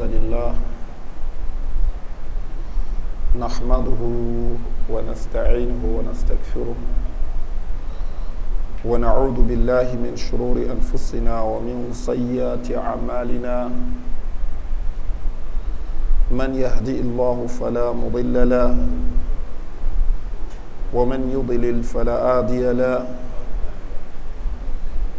الحمد لله نحمده ونستعينه ونستغفره ونعوذ بالله من شرور أنفسنا ومن سيئات أعمالنا من يهدي الله فلا مضل له ومن يضلل فلا هادي له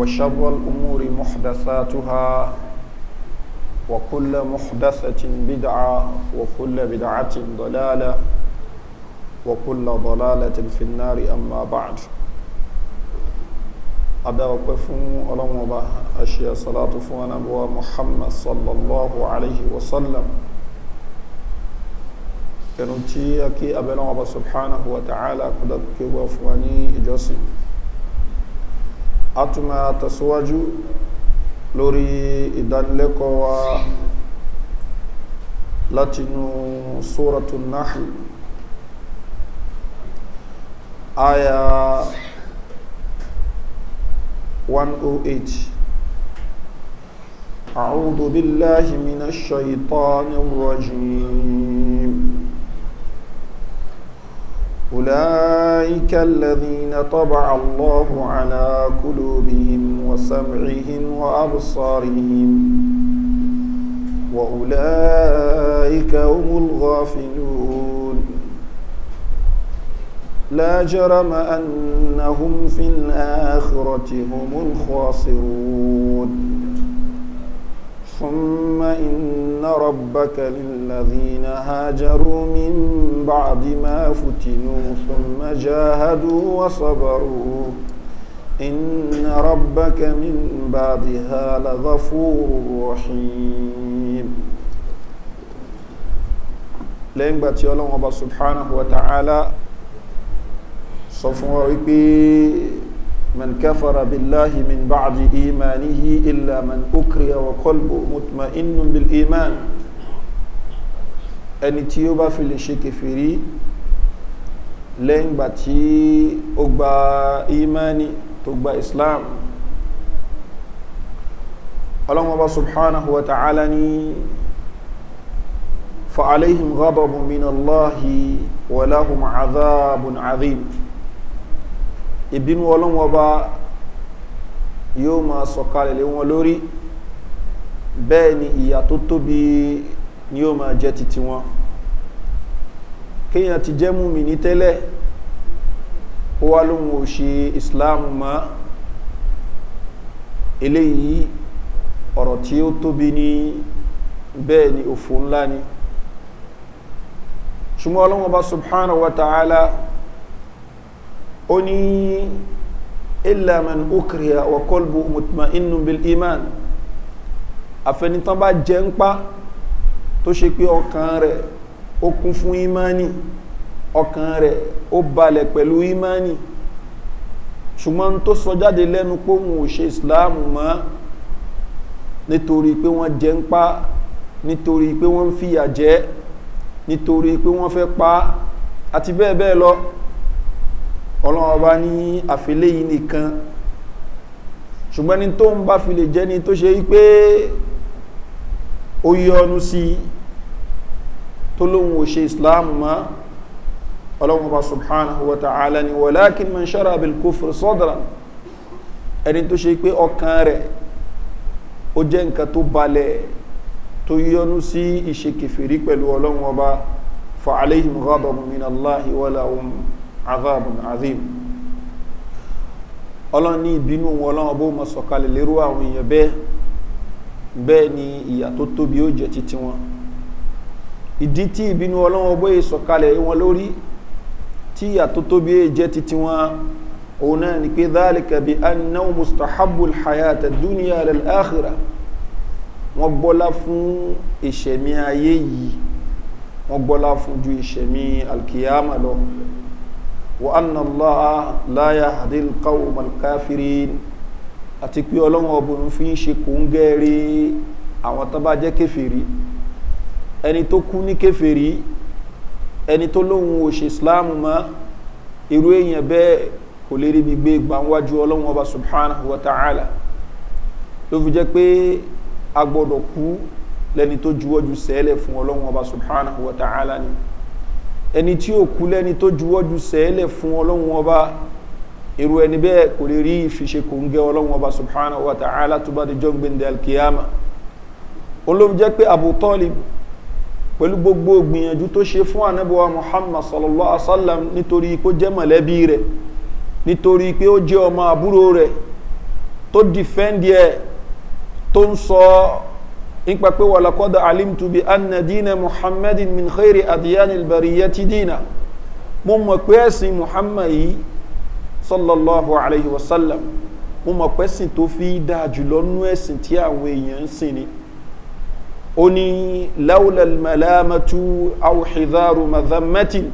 وشر الأمور محدثاتها وكل محدثة بدعة وكل بدعة ضلالة وكل ضلالة في النار أما بعد أدوقفون ألم وبا أشياء صلاة فوانا محمد صلى الله عليه وسلم كانوا تي أكي أبنا وبا سبحانه وتعالى قد كيوا إجاسي a tún máa tẹ̀síwájú lórí ìdánilẹ́kọ̀ọ́ wa látinú sóràtù aya 108 أعوذ بالله من الشيطان الرجيم أولئك الذين طبع الله على قلوبهم وسمعهم وأبصارهم وأولئك هم الغافلون لا جرم أنهم في الآخرة هم الخاسرون ثم إن ربك للذين هاجروا من بعد ما فتنوا ثم جاهدوا وصبروا إن ربك من بعدها لغفور رحيم لين باتي الله سبحانه وتعالى صفوا ربي من كفر بالله من بعد إيمانه إلا من أكره وقلبه مطمئن بالإيمان ẹni tí ó bá fi lè ṣe kẹfìrí lẹ́yìn gbà tí ó gba imani tó gba islam ọlọ́mọba subhanahu wa ta'ala ni fa'alayhim ghadabun min allahi wa lahum azabun azim ìbínú ọlọ́wọ́n ọba yóò máa sọ̀kalẹ̀ lé wọn lórí bẹ́ẹ̀ ni ìyà tó tóbi ni yóò máa jẹ́ titi wọn kéèyàn ti jẹ́ múmi ní tẹ́lẹ̀ ó wá lóhun ò ṣe islam mọ́ eléyìí ọ̀rọ̀ tí ó tóbi ní bẹ́ẹ̀ ni òfò ńlá ni ṣùgbọ́n ọlọ́wọ́n ọba subhanahu wa ta'ala ala ó ní ilaman ukriya wa kolbu mutma inu bil iman afẹnitan bá jẹ ń pa tó ṣe pé ọkàn rẹ̀ ó kún fún imani ọkàn rẹ̀ ó balẹ̀ pẹ̀lú imani ṣùgbọ́n tó sọ jáde lẹ́nu pé òun ò ṣe islam mọ́ nítorí pé wọ́n jẹ ń pa nítorí pé wọ́n fìyà jẹ́ nítorí pé wọ́n fẹ́ pa àti bẹ́ẹ̀ bẹ́ẹ̀ lọ ọlọ́run ọba ní àfilẹ́ yìí nìkan ṣùgbọ́n ní tó ń bá fi lè jẹ́ ni tó ṣe wípé ó yọnu sí tó lóhun ò ṣe islam mọ́ ọlọ́run ọba subhanahu wa ta'ala ni wọ́lákin man ṣára bil kófòrò sọ́dọ̀rà ẹni tó ṣe pé ọkàn rẹ̀ ó jẹ́ nǹkan tó balẹ̀ tó yọnu sí ìṣe kẹfìrí pẹ̀lú ọlọ́run ọba fa ghadabu min allahi wala um azabun azim ọlọ́run ní ìbínú wọn ọlọ́run bó mọ sọ̀kalẹ̀ lérú àwọn èèyàn bẹ́ẹ̀ bẹ́ẹ̀ ni ìyà tó tóbi ó jẹ́ títí wọn ìdí tí ìbínú ọlọ́run bó sọ̀kalẹ̀ wọn lórí tí ìyà tó tóbi ó jẹ́ títí wọn òun náà ni pé dhalika bi annahu mustahabul hayata dunya lal akhirah wọ́n gbọ́lá fún ìṣẹ̀mí ayé yìí wọ́n gbọ́lá fún ju ìṣẹ̀mí alkiyama lọ وأن الله لا يهدي القوم الكافرين àti pé ọlọ́run ọbùnrin fi ń ṣe kò ń gẹ́ẹ̀rẹ́ àwọn tó bá jẹ́ kéfèrí ẹni tó kú ní kéfèrí ẹni tó lóhun òṣè islamu ma irú èyàn bẹ́ẹ̀ kò lè rí gbígbé gbanwájú ọlọ́run ọba subhanahu wa ta'ala ló fi jẹ́ pé agbọ́dọ̀ kú lẹni tó juwọ́jú sẹ́lẹ̀ fún ọlọ́run ọba subhanahu wa ta'ala ni ẹni tí ó kú lẹ́ni tó juwọ́jú sẹ́ẹ̀lẹ̀ fún ọlọ́run ọba irú ẹni bẹ́ẹ̀ kò lè rí ìfiṣe kò ń gẹ́ ọlọ́run ọba subhanahu wa ta'ala tó bá di john gbendé alkiyama olóhùn jẹ́ pé abutọ́lì pẹ̀lú gbogbo gbìyànjú tó ṣe fún anábọ̀wá muhammad sallallahu alaihi wa sallam nítorí pé jẹ́ mọ̀lẹ́bí rẹ̀ nítorí pé ó jẹ́ ọmọ àbúrò rẹ̀ tó dìfẹ́ndì ẹ̀ tó ń sọ ọ́ nípa pé wà lakọ́dọ̀ alimtu bi anna dina muhammadin min khairi adiyan albariya ti dina mo mọ̀ pé ẹ̀sìn muhammad yìí sallallahu alayhi wa sallam mo mọ̀ pé ẹ̀sìn tó fi dáa jùlọ nú ẹ̀sìn tí àwọn èèyàn ń sìn ni ó ní laula malamatu awuhidaru madamatin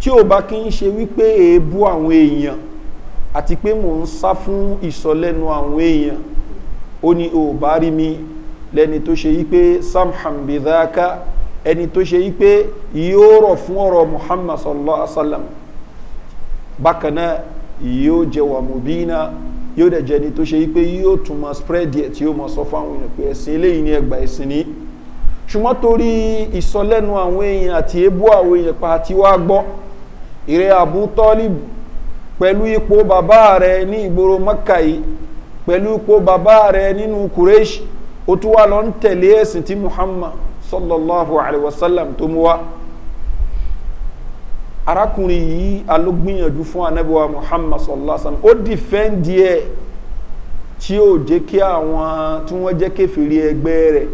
tí ó bá kí ń ṣe wípé èébú àwọn èèyàn àti pé mò ń sá fún ìsọlẹ́nu àwọn èèyàn ó ní ò bá rí mi lẹ́ni tó ṣe yípe samham bidhaka ẹni tó ṣe yípe yóò rọ̀ fún ọ̀rọ̀ muhammad sallallahu alaihi wasallam. sallam bákan náà yóò jẹ wà mubina yóò dẹ̀ jẹni tó ṣe wípé yóò tún ma spread díẹ̀ tí yóò ma sọ fún àwọn èèyàn pé ẹ̀sìn eléyìí ní ẹgbà ẹ̀sìn ní ṣùgbọ́n torí ìsọlẹ́nu àwọn èèyàn àti ebú àwọn èèyàn pa àti wá gbọ́ ìrẹ́ àbú tọ́lìbù pẹ̀lú ipò bàbá rẹ ní ìgboro mọ́kà yìí pẹ̀lú ipò bàbá rẹ nínú kùrẹ́ṣì ó tún wá lọ ń tẹ̀lé ẹ̀sìn tí muhammad sallallahu alaihi wasallam tó mú wá arákùnrin yìí alógbìyànjú fún anábíwá muhammad sallallahu alaihi wasallam ó dìfẹ́ǹdì ẹ̀ tí ó jẹ́ kí àwọn tí wọ́n jẹ́ kéfèrè ẹgbẹ́ rẹ̀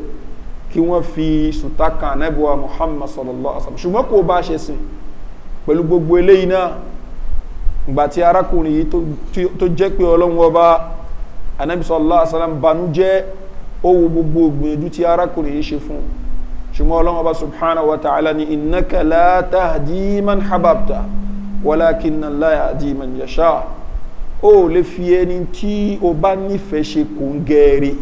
kí wọ́n fi sùtá kan anábíwá muhammad sallallahu alaihi wasallam ṣùgbọ́n kò bá ṣe sìn pẹ̀lú gbogbo eléyìí náà ìgbà tí arákùnrin yìí tó jẹ́ pé ọlọ́run ọba sallallahu alaihi wasallam banú jẹ́ ó wo gbogbo gbìyànjú tí arákùnrin yìí ṣe fún ṣùgbọ́n ọlọ́wọ́ bá subhanahu wa ta'ala ni innaka la tahdi man hababta walakin la yahdi man yasha ó lè fi ẹni tí o bá nífẹ̀ẹ́ ṣe kò ń gẹ̀ẹ́rẹ́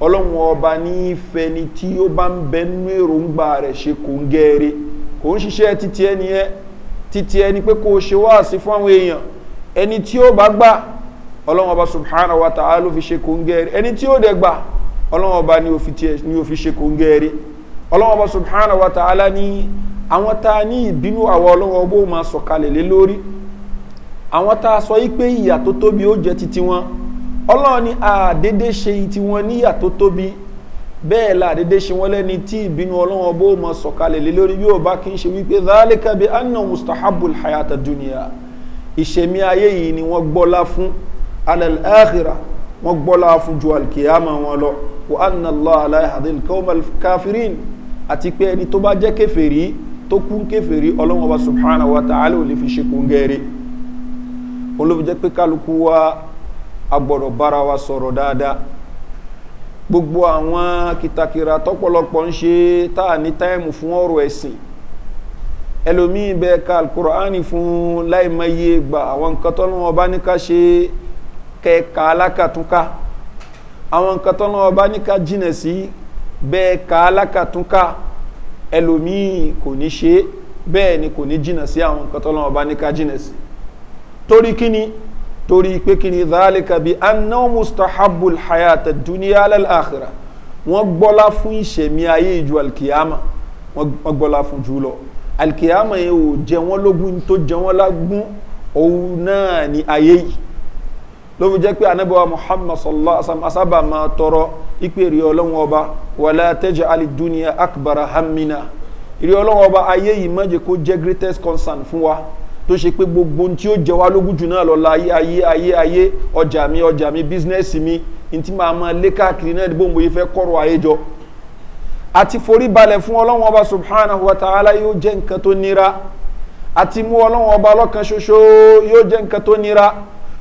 ọlọ́wọ́ ọba nífẹ̀ẹ́ ni tí o bá ń bẹnú èròǹgbà rẹ̀ ṣe kò ń gẹ̀ẹ́rẹ́ kò ń ṣiṣẹ́ títí ẹni ẹ títí ẹni pé kò ṣe wá sí fún àwọn èèyàn ẹni tí ó bá gbà ọlọ́wọ́ ọba subhanahu wa ta'ala fi ṣe kò ń gẹ̀ẹ́rẹ́ ẹni tí ó dẹ̀ gbà ọlọ́wọ́n ọba ni ó fi ṣe kò ń gẹ́ẹ̀rí ọlọ́wọ́n ọba subhana wa ta'ala ni àwọn tá a ní ìbínú àwọn ọlọ́wọ́n ọba ó máa sọ̀kalẹ̀ lé lórí àwọn tá a sọ yí pé ìyà tó tóbi ó jẹ́ titi wọn ọlọ́wọ́n ni àdédé ṣe ti wọn níyà tó tóbi bẹ́ẹ̀ la àdédé ṣe wọ́n lẹ́ni tí ìbínú ọlọ́wọ́n ọba ó máa sọ̀kalẹ̀ lé lórí yóò bá kí n ṣe wípé zálẹ́kà anna mustahabul hayata duniya ìṣẹ̀mí ayé yìí ni wọ́n gbọ́lá fún alẹ́ àkìrà wọ́n gbọ́lá fún ju alkiyama wọn lọ wa anna allah alayhadil kawmal kafirin àti pé ẹni tó bá jẹ́ kẹfẹ́rí tó kún kẹfẹ́rí ọlọ́wọ́n wa subhanahu wa ta'ala ò lè fi ṣe kún gẹ́rẹ́ òun ló fi jẹ́ pé kálukú wa agbọ̀dọ̀ bára wa sọ̀rọ̀ dáadáa gbogbo àwọn kìtàkìrà tọ́pọ̀lọpọ̀ ń ṣe táà ní táìmù fún ọ̀rọ̀ ẹ̀sìn ẹlòmíì bẹ ka fún láìmọye gba àwọn nǹkan tó bá ní ká ṣe kẹ́ẹ̀ka alákàtúnká àwọn nǹkan tọ́nà ọba níka jìnà sí bẹ́ẹ̀ ka alákàtúnká ẹlòmíì kò ní ṣe bẹ́ẹ̀ ni kò ní jìnà sí àwọn nǹkan tọ́nà ọba níka jìnà sí torí kíni torí pé kíni dhalika bi anna mustahabul hayata dunya alal akhirah wọ́n gbọ́lá fún ìṣẹ̀mí ayé ìjọ alkiyama wọ́n gbọ́lá fún jùlọ alkiyama yẹn ò jẹ wọ́n lógún tó jẹ wọ́n lágún òun náà ni ayé yìí ló fi jẹ́ pé anábẹ́wà muhammad sallallahu alaihi wasallam asábà máa tọrọ ìpèrè ọlọ́wọ́ ọba wàlá tẹ́jẹ́ alìdúnìyà akbara hamina ìrì ọlọ́wọ́ ọba ayé yìí má jẹ́ kó jẹ́ greatest concern fún wa tó ṣe pé gbogbo ohun tí ó jẹ wá lógún jù náà lọ́la ayé ayé ayé ayé ọjà mi ọjà mi bísínẹ́sì mi ní tí màá máa lé káàkiri náà bó mo yẹ fẹ́ kọ́rọ̀ ayé jọ àti forí balẹ̀ fún ọlọ́wọ́ ọba subhanahu wa ta'ala yóò jẹ́ nǹkan tó nira àti mú ọlọ́wọ́ ọba ọlọ́kan ṣoṣo yóò jẹ́ nǹkan tó nira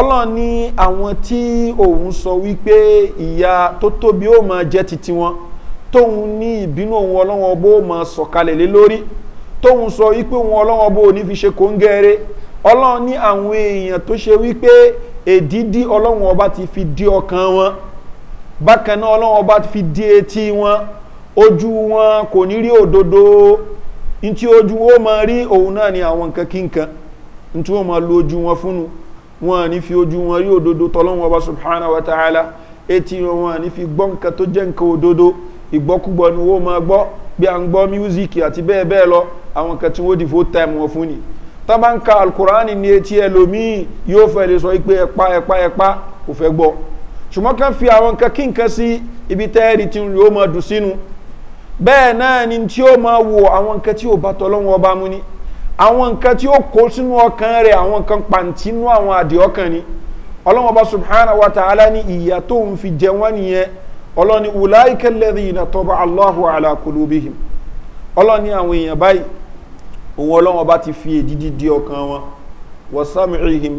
ọlọ́run ní àwọn tí òun sọ wípé ìyá tó tóbi ó máa jẹ́ titi wọn tóun ní ìbínú òun ọlọ́wọ́n bó máa sọ̀kalẹ̀ lé lórí tóun sọ wípé òun ọlọ́wọ́n bó ní fi ṣe kóńgẹ́rẹ́ ọlọ́run ní àwọn èèyàn tó ṣe wípé èdídí ọlọ́run ọba ti fi di ọkàn wọn bákan náà ọba ti fi di etí wọn ojú wọn kò ní rí òdodo ntí ojú wọn máa rí òun náà ní àwọn nǹkan kí wọn ní fi ojú wọn rí òdodo tọ́lọ́wọ́n ọba subhana wa ta'ala etí wọn ní fi gbọ́ nǹkan tó jẹ́ nǹkan òdodo ìgbọ́kúgbọ́ ni wọ́n máa gbọ́ bí a ń gbọ́ míúzíkì àti bẹ́ẹ̀ bẹ́ẹ̀ lọ àwọn kan tí wọ́n dìfó tẹ́mù wọn fún ni tọ́bá ń ka alukurani ní etí ẹlòmíì yóò fẹ́ lè sọ pé ẹ̀pá ẹ̀pá ẹ̀pá kò fẹ́ gbọ́ ṣùgbọ́n kan fi àwọn nǹkan kí nǹkan sí ni àwọn nǹkan tí ó kó sínú ọkàn rẹ̀ àwọn nǹkan pàǹtínú àwọn àdì ọkàn ni ọlọ́mọba subhanahu wa ta'ala ni ìyà tó ń fi jẹ wọ́n nìyẹn ọlọ́ni wùláìkẹ́ lẹ́rìn iná tọba aláhùn alákòlóbìhìm ọlọ́ni àwọn èèyàn báyìí òun ọlọ́mọba ti fi èdìdí di ọkàn wọn wọ́n sàmìrìhìm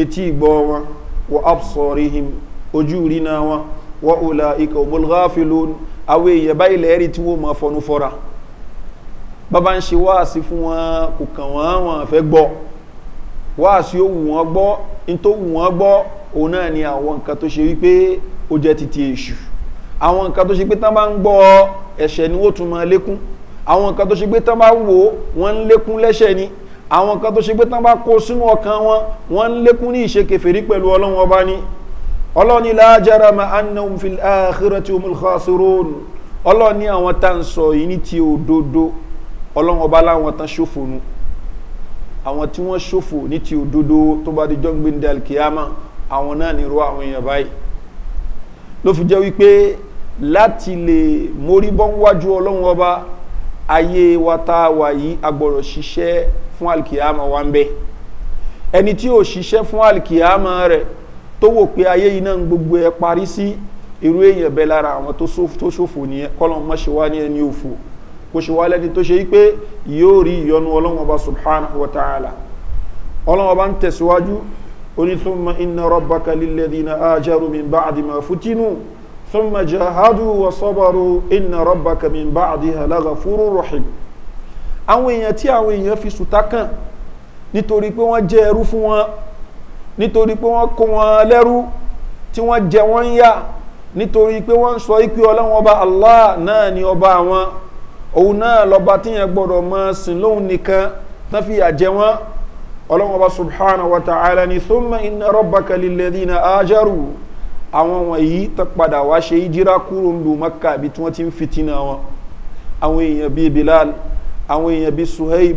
etí ìgbọ́ wọn wọ́n absọ̀rìhìm ojú ìrìnà wọn wọ́n ọ̀là ikọ̀ bọ́lgáfìlón àwọn èèyàn báyìí lẹ́rìí tí wọ́n mọ̀ fọnú fọ́ra bàbá ń ṣe wáàsí fún wọn kò kàn wọ́n wọn fẹ́ gbọ́ wáàsí ó wù wọ́n gbọ́ in tó wù wọ́n gbọ́ òun náà ni àwọn nǹkan tó ṣe wípé ó jẹ́ titi èṣù àwọn nǹkan tó ṣe pé tán bá ń gbọ́ ẹ̀ṣẹ̀ ni ó tún máa lékún àwọn nǹkan tó ṣe pé tán bá wò wọ́n ń lékún lẹ́ṣẹ̀ ni àwọn nǹkan tó ṣe pé tán bá kó sínú ọkàn wọn wọ́n ń lékún ní ìṣe pẹ̀lú ọlọ́run ọba ni ọlọ́ni lájára ma anna òun fi àhírẹ́ tí omi àwọn tá à ń sọ yìí ní ti òdodo ọlọ́run ọba láwọn tán ṣòfò nu àwọn tí wọ́n ṣòfò ní ti òdodo tó bá di jọ́gbìn del kiyama àwọn náà nírú àwọn èèyàn báyìí ló fi jẹ́ wípé láti lè mórí bọ́ wájú ọlọ́run ọba ayé wa tá wà yìí agbọ̀rọ̀ ṣiṣẹ́ fún alkiyama wa ń bẹ ẹni tí ò ṣiṣẹ́ fún alkiyama rẹ̀ tó wò pé ayé yìí náà gbogbo ẹ parí sí irú èèyàn bẹ lára àwọn tó ṣòfò nìyẹn kọ́lọ́n mọ́ṣe wá ní ẹni òfò kò ṣe wá lẹ́ni tó ṣe yí pé yóò rí ìyọnu ọlọ́wọ́n ọba subhanahu wa ta'ala ọlọ́wọ́n ọba ń tẹ̀síwájú onítúnmọ̀ iná rọ́bà kalilẹ̀ dínà ájẹ́rù mi bá àdìmọ̀ fútínú túnmọ̀ jihadu wa sọ́bọ̀rù iná rọ́bà kàmí bá àdìhà lága fúrú rọ̀hìm àwọn èèyàn tí àwọn èèyàn fi allah náà ni ọba àwọn òun náà lọba tíyẹn gbọdọ̀ mọ́ sin lóhun nìkan tán fi àjẹ wọn ọlọ́run ọba subhana wa ta'ala ni tó mọ iná rọ́bàkà lílẹ̀ dínà ájárù àwọn wọ̀nyí tó padà wá ṣe ìjírá kúrò lù mọ́kà bí tí wọ́n ti ń fitina wọn àwọn èèyàn bíi bilal àwọn èèyàn bíi suhaib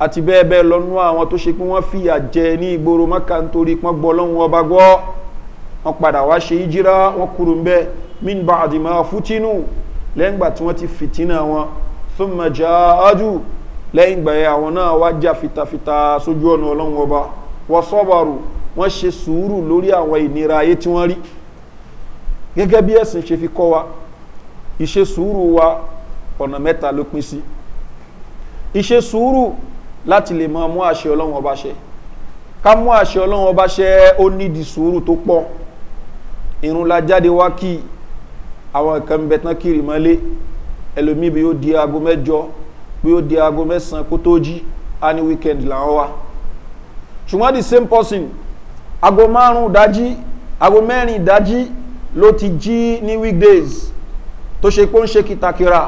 àti bẹ́ẹ̀ bẹ́ẹ̀ lọ́nú àwọn tó ṣe pé wọ́n fi àjẹ ní ìgboro mọ́kà nítorí pọ́n gbọ́ lọ́hun ọba gbọ́ wọn padà wá ṣe ìjírá wọn kúrò ń bẹ́ẹ̀ min bá àdìmọ́ fútínú lẹ́yìn tí wọ́n ti fitina wọn thumma jaaju lẹ́yìn gbàyẹ àwọn náà wá já fitafita sójú ọ̀nà ọlọ́run ọba wọ́n sọ́bàrù wọ́n ṣe sùúrù lórí àwọn ìnira ayé tí wọ́n rí gẹ́gẹ́ bí ẹ̀sìn ṣe fi kọ́ wa ìṣe sùúrù wa ọ̀nà mẹ́ta ló pín sí ìṣe sùúrù láti lè máa mú àṣẹ ọlọ́run ọba ṣe ká mú àṣẹ ọlọ́run ọba ṣe ó nídìí sùúrù tó pọ̀ irun la jáde wá kí àwọn nǹkan bẹ̀ kiri mọ́lé ẹlòmíì bí yóò di aago mẹ́jọ bí yóò di aago mẹ́sàn kó tó jí á ní weekend làwọn wá ṣùgbọ́n the same person aago márùn-ún dájí aago mẹ́rin dájí ló ti jí ní weekdays tó ṣe pé ó ń ṣe kìtàkìrà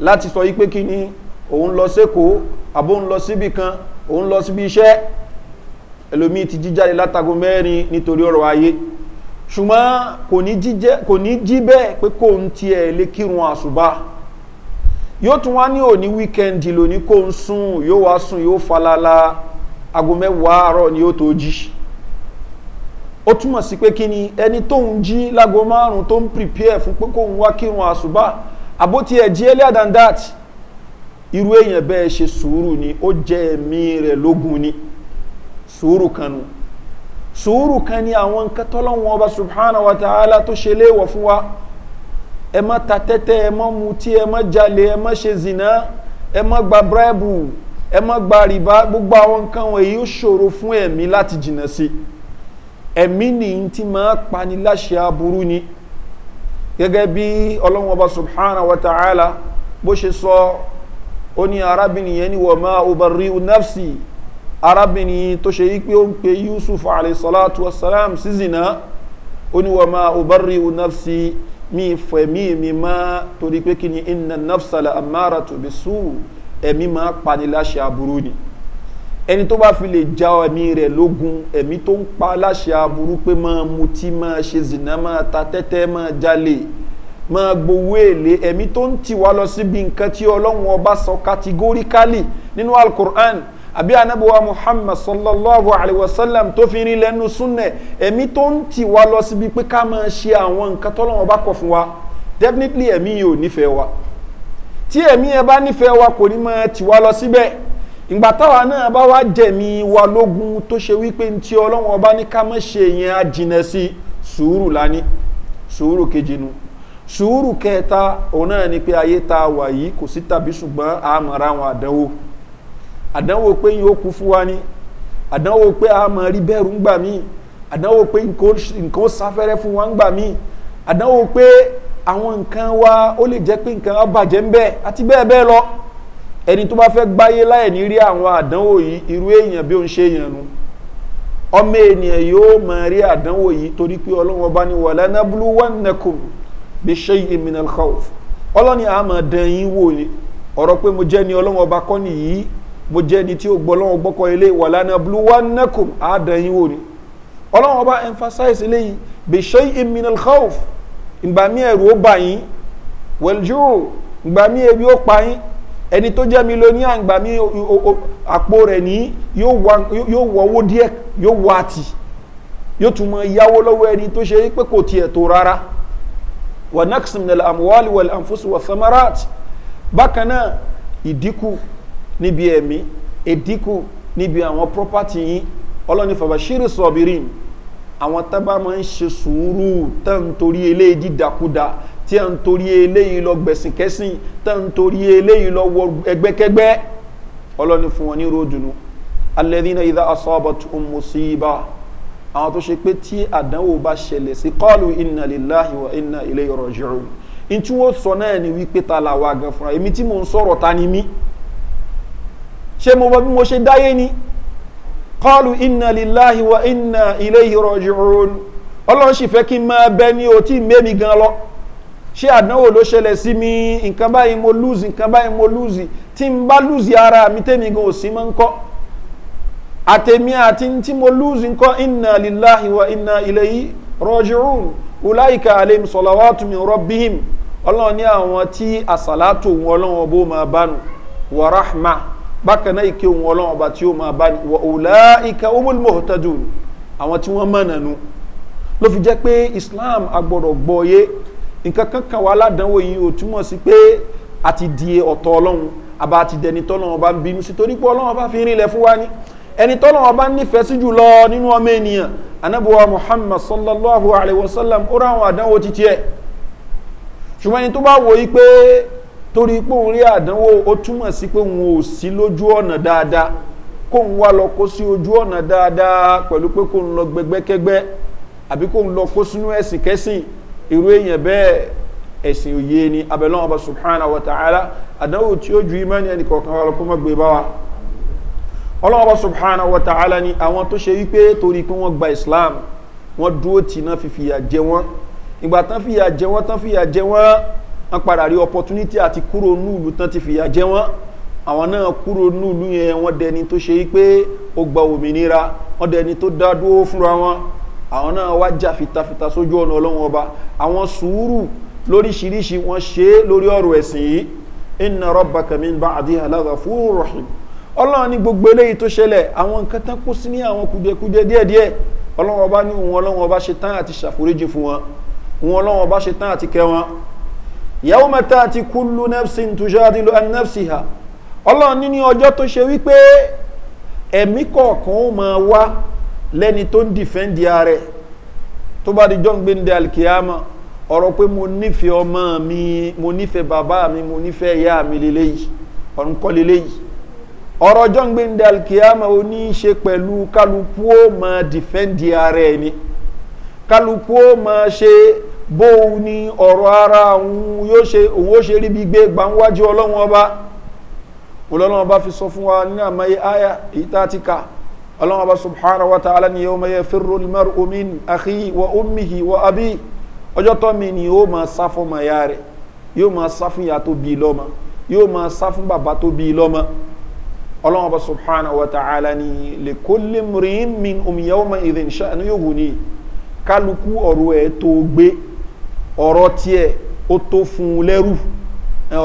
láti sọ yí pé kí ni òun lọ sékòó àbó ń lọ síbì kan òun lọ síbi iṣẹ́ ẹlòmíì ti jíjáde látago mẹ́rin nítorí ọ̀rọ̀ ayé ṣùgbọ́n kò ní jí bẹ́ẹ̀ pé kóun tiẹ̀ lè kírun àṣùbà yóò tún wá ní òní wíkẹ́ndì lóní kó ń sùn yóò wá sùn yóò falala aago mẹ́wàá àárọ̀ ni yóò tó jí ó túmọ̀ sí pé kí ni ẹni tó ń jí láago márùn tó ń prepare fún pé kó ń wá kírun àṣùbà àbótí ẹ̀ jí earlier than that irú èèyàn bẹ́ẹ̀ ṣe sùúrù ni ó jẹ́ ẹ̀mí rẹ̀ lógun ni sùúrù kan nu sùúrù kan ni àwọn nǹkan tọ́lọ́wọ́n ọba subhanahu wa ta'ala tó ṣe léèwọ̀ fún wa ẹ má ta tẹ́tẹ́ ẹ má mutí ẹ má jalè ẹ má ṣe zìnà ẹ má gba bíráìbù ẹ má gba rìbá gbogbo àwọn nǹkan wọ̀nyí ó ṣòro fún ẹ̀mí láti jìnnà sí ẹ̀mí nìyí tí máa pani láṣẹ aburú ni gẹ́gẹ́ bí ọlọ́run ọba subhana wa ta'ala bó ṣe sọ ó ní arábìnrin yẹn ni wọ́n máa obìnrin unafsi arábìnrin tó ṣe yí pé ó ń pe yusuf alayhisalatu wasalam sí zina ó ní wọ́n máa obìnrin unafsi mi fọ mi mi ma torí pé kí ni nafsala amara tòbi sùúrù ẹ̀mí máa pani láṣẹ aburú ni ẹni tó bá fi lè já ẹ̀mí rẹ̀ lógun ẹ̀mí tó ń pa láṣẹ aburú pé máa mutí máa ṣe zìnà máa ta tẹ́tẹ́ máa jalè máa gbowó èlé ẹ̀mí tó ń tì wá lọ síbi nǹkan tí ọlọ́run ọba sọ kátígóríkálì alukur'an àbí anábọ̀wá muhammad sallallahu alayhi wa sallam tó fi rin lẹ́nu súnnẹ̀ ẹ̀mí tó ń tì wá lọ síbi pé ká máa ṣe àwọn nǹkan tọ́lọ́wọ́n bá kọ̀ fún wa definitely ẹ̀mí yìí ò nífẹ̀ẹ́ wa tí ẹ̀mí ẹ bá nífẹ̀ẹ́ wa kò ní máa tì wá lọ síbẹ̀ ìgbà táwa náà bá wá jẹ̀mí wa lógun tó ṣe wípé ní tí ọlọ́wọ́n bá ní ká mọ̀ ṣe yẹn á jinlẹ̀ sí sùúrù lání sùúrù kejì nu sùúrù kẹta òun náà ni pé ayé ta wà yìí kò sí tàbí ṣùgbọ́n àmọ̀ra àdánwò àdánwò pé yóò kú fún wa ni àdánwò pé a máa rí bẹ́ẹ̀rù ń gbà mí àdánwò pé nǹkan ó sáfẹ́rẹ́ fún wa ń gbà mí àdánwò pé àwọn nǹkan wa ó lè jẹ́ pé nǹkan á bàjẹ́ ń bẹ́ẹ̀ àti bẹ́ẹ̀ bẹ́ẹ̀ lọ ẹni tó bá fẹ́ gbáyé láì ní rí àwọn àdánwò yìí irú èèyàn bí ó ṣe èèyàn nu ọmọ ènìyàn yóò máa rí àdánwò yìí torí pé ọlọ́wọ́n bá ní wàlẹ́ nábúlú wọn nẹkùn bí ṣe ìmìnà ọlọ́ni àmọ̀ dẹ̀yìn wò ni ọ̀rọ̀ pé mo jẹ́ ni ọlọ́wọ́n ọba kọ́ nìyí mo jẹ́ ni tí ó gbọ́ lọ́wọ́ gbọ́kọ̀ ilé wà lánàá blue one nakum àádọ́yìn wò ni ọlọ́run ọba emphasize eléyìí bèṣe iminal health ìgbà mí ẹ̀rù ó bà yín wẹ̀ljú ìgbà mí ebi ó pa yín ẹni tó jẹ́ mi lóní àgbà mí àpò rẹ̀ ní yóò wọ owó díẹ̀ yóò wọ àtì yóò tún mọ ìyáwó lọ́wọ́ ẹni tó ṣe pé kò tiẹ̀ tó rárá wà náà kìsìmìnà àmúwálì wà níbi ẹ̀mí èdínkù níbi àwọn property yín ọlọ́ni fàbàṣírí sọ̀bìrín àwọn tábà máa ń ṣe sùúrù tá ń torí eléyìí dídàkudà tí à ń torí eléyìí lọ gbẹ̀sìnkẹ́sìn tá ń torí eléyìí lọ wọ ẹgbẹ́kẹ́gbẹ́ ọlọ́ni fún wọn ní ròdùnú alẹ́dínà ìdá asọ́bọ̀tù um mùsíbà àwọn tó ṣe pé tí àdánwò bá ṣẹlẹ̀ sí kọ́ọ̀lù ìnàlélàhìn ìnà ilé ìrọ̀jùrù ní sọ náà ni wípé ta làwọn àgàn fúnra èmi tí mò ń sọ̀rọ̀ ta ni mí ṣé mo bọ bí mo ṣe dáyé ni kọlu iná líláhi wa iná ilé ìrọ̀jù òun ọlọ́run sì fẹ́ kí n máa bẹ ní otí mẹ́mi gan lọ ṣé àdánwò ló ṣẹlẹ̀ sí mi nǹkan báyìí mo lùzì nǹkan báyìí mo lùzì tí n bá lùzì ara mi tẹ́mi gan òsì máa ń kọ́ àtẹ̀mí àti tí mo lùzì ń kọ́ iná líláhi wa iná ilé ìrọ̀jù òun ulaika alayhim salawatu min rabbihim ọlọ́run ní àwọn tí àsàlátò wọn ọlọ́run ọbọ̀ máa bánu wa rahma bákan náà ike ohun ọlọ́run ọba tí ó máa bá ní wọ òlá ika omolumọ̀ tọ́jú àwọn tí wọ́n mọ̀nà nu ló fi jẹ́ pé islam agbọ̀rọ̀ gbọ́yé nǹkan kankan wà ládánwò yìí ò túmọ̀ sí pé àti di ọ̀tọ̀ ọlọ́run àbá àti dẹni tọ́lọ́run ọba ń bínú sí torí pé ọlọ́run ọba fi ń rinlẹ̀ fún wa ní ẹni tọ́lọ́run ọba nífẹ̀ẹ́ sí jù nínú ọmọ ènìyàn anábọ̀wá muhammad sallallahu alayhi wa sallam ó ráwọn àdánwò titi ẹ̀ ṣùgbọ́n ẹni tó bá wò yí pé torí pé òun rí àdánwò ó túmọ̀ sí pé òun ò sí lójú ọ̀nà dáadáa kóun wá lọ kó sí ojú ọ̀nà dáadáa pẹ̀lú pé kóun lọ gbẹgbẹ́kẹ́gbẹ́ àbí kóun lọ kó sínú ẹ̀sìn kẹ́sìn irú èèyàn bẹ́ẹ̀ ẹ̀sìn òye ni abẹ́lọ́n ọba subhanahu wa ta'ala àdánwò tí ó ju imá ní ẹnì kọ̀ọ̀kan wa lọ gbé bá wa ọlọ́wọ́ ọba subhanahu wa ta'ala ni àwọn tó ṣe wípé torí pé wọ́n gba islam wọ́n dúró tì náà fìfìyà jẹ wọ́n ìgbà tán fìyà jẹ wọ́n tán fìyà jẹ wọ́n wọ́n padà rí opportunity àti kúrò núùlù tán ti fìyà jẹ́ wọ́n àwọn náà kúrò núùlù yẹn wọ́n dẹni tó ṣe pé ó gba òmìnira wọ́n dẹni tó dá dúró fúnra wọn àwọn náà wá jà fitafita sójú ọ̀nà ọlọ́wọ́n ọba àwọn sùúrù lóríṣiríṣi wọ́n ṣe lórí ọ̀rọ̀ ẹ̀sìn yìí iná rọ́bà kàmí bá àdíhà lára fún rọ̀hìn ọlọ́run ní gbogbo eléyìí tó ṣẹlẹ̀ àwọn nǹkan tán kó sí ní àwọn kùdẹ̀kùdẹ̀ díẹ̀díẹ̀ ọlọ́run ọba ní òun ọlọ́run ọba ṣe tán àti ṣàforíjì fún wọn òun ọlọ́run ọba ṣe tán àti kẹ wọn yàwó mẹ́ta ti kúlù nẹ́fṣin tùjáde lọ ẹni nẹ́fṣi ha ọlọ́run ní ní ọjọ́ tó ṣe wípé ẹ̀mí kọ̀ọ̀kan ó máa wá lẹ́ni tó ń dìfẹ́ǹdì ààrẹ tó bá di john gbéńdé alkiyama ọ̀rọ̀ pé mo nífẹ̀ẹ́ ọmọ mi mo nífẹ̀ẹ́ bàbá mi mo nífẹ̀ẹ́ ìyá mi lélẹ́yìí ọ̀run kọ́ lélẹ́yìí ọ̀rọ̀ john gbéńdé alkiyama ó ní í ṣe pẹ̀lú kálukú ó máa dìfẹ́ǹdì ààrẹ ni kálukú ó máa ṣe bóun ni ọ̀rọ̀ ara òun yóò ṣe rí bí gbé gbanwájú ọlọ́run ọba ọlọ́run ọba fi sọ fún wa ní àmàyé àyà èyí tá a ti kà ọlọ́run ọba subhanahu wa ta'ala ni yóò mẹ́yẹ fẹ́rọ lẹ́mẹ́rù omi àkí wa omihi wa abi ọjọ́ tó mi ni yóò máa sá fún ọmọ ya rẹ̀ yóò máa sá fún ìyá tó bí i lọ́mọ yóò máa sá fún bàbá tó bí i lọ́mọ ọlọ́run ọba subhanahu wa ta'ala ni lè kó lè mìíràn omi yàwó ma ìdè ìṣàánú yóò wù kálukú ọ̀rọ̀ ẹ̀ tó gbé ọ̀rọ̀ tiẹ̀ ó tó fún un lẹ́rù